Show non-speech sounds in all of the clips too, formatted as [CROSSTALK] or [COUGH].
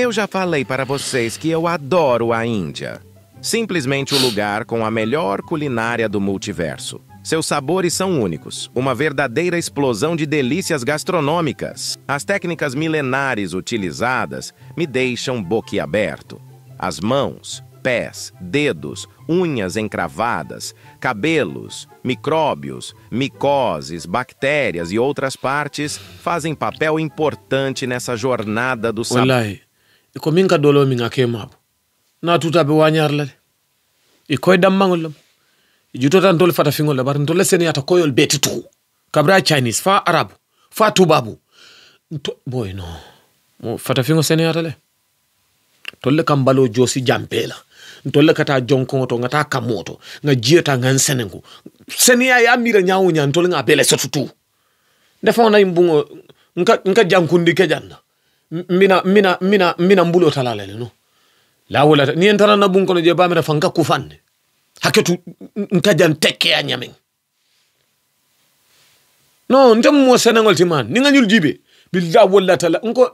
Eu já falei para vocês que eu adoro a Índia. Simplesmente o lugar com a melhor culinária do multiverso. Seus sabores são únicos, uma verdadeira explosão de delícias gastronômicas. As técnicas milenares utilizadas me deixam boquiaberto. As mãos, pés, dedos, unhas encravadas, cabelos, micróbios, micoses, bactérias e outras partes fazem papel importante nessa jornada do sabor. iko min ka dolo min ake mabo na tuta be de i iko da ɗam i tan dol fata fingol bar labar tolle seneyata koyol beeti tuhu kabra chinese fa arab fa tubabu to boy no mo fata fingo seneyata le tolle kam mbalo joosi jampela ntolle kata jonkoŋo to ŋata kammoo nga ŋa jiyota senengu sen ya ya mira ñawo ña ntole nga bele sotutu ndefaŋo na yimbuŋo nka jankundi ke mina mina mina mina mbulo talala leno la wala ni entana na bun kono je ba mera fanga ku fanne haketu ntajan tekke ya nyamen no ntam mo senangol timan ni nganyul jibe billa wala tala nko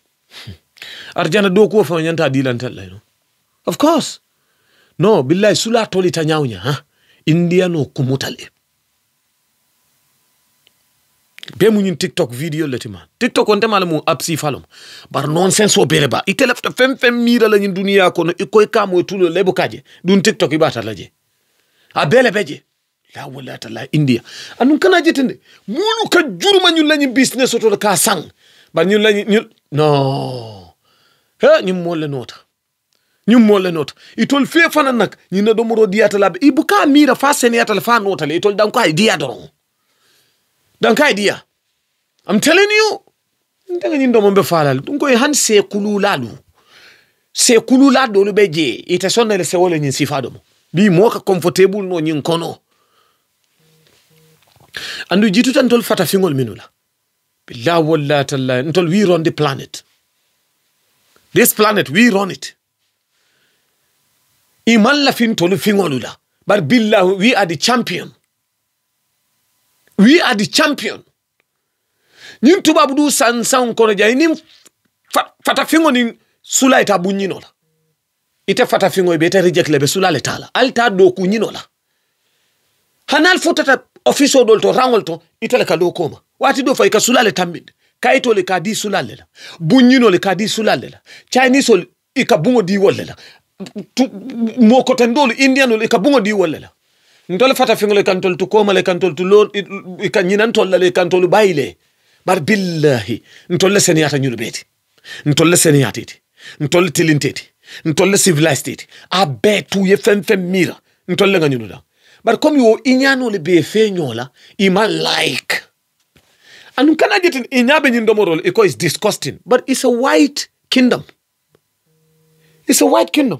[SNIFFS] arjana do ko fa nyanta dilan talla no of course no billahi sulatoli toli tanyawnya ha indiano kumutale be muñum tiktok video letima tiktok on temala mum absi falom bar non nonsense o bere ba i telefta fem fem mira lañin duniya ko no ikoy kamo e tulo lebu kaje dun tiktok iɓata laje a bele beje la wala ta la india anun kana jetende mulu ka jurma ñun lañu business otoɗo ka sang bar ñun lañi ñun no he ñum mollenota ñum mollenota itol fe fanan nak ñina do ñinna ɗomoro diyatalaɓe ibo ka mira fa sen yata la fa nota notale itol dan ko ay diya diyadoron donc idea i'm telling you ndega nyindo be falal dum koy e han se kululalu se kululado lu be je ite sonnele se wole nyin sifado mo bi moka comfortable no nyin kono andu jitu tan tol fata fingol minula billah walla talla ntol we run the planet this planet we run it imalla fin tol fingolula bar billah we are the champion we are the champion ñin tubabu du san kono jay nim fata fingo ni sula ita bunyino la ite fata fingo be ite reject le be sula le ta la ali ta doku ñino la hanal futata officio dol to raŋol to ite le ka doko ma waati do fa i ka sula le tambinde kayito le ka di sulal le la bunyino le ka di sulal le la chinese ol i ka buŋo di wol le la mokoten dolu indian ol i ka di wol la ntol fata feŋole kantol to le kantol to lon ka ñinantol lale kantolu ɓayile bar billahi ntolle seniyata ñulu ɓeeti ntolle seniyateti ntolle tilinteti ntolle civilise teti a bee tuye fen fen mira ntolle nga ñunu da bari comme yo i ñanole bee i ma like anum kana jetin i ñaɓe ñin domorol e ko is disgusting but it's a white kingdom it's a white kingdom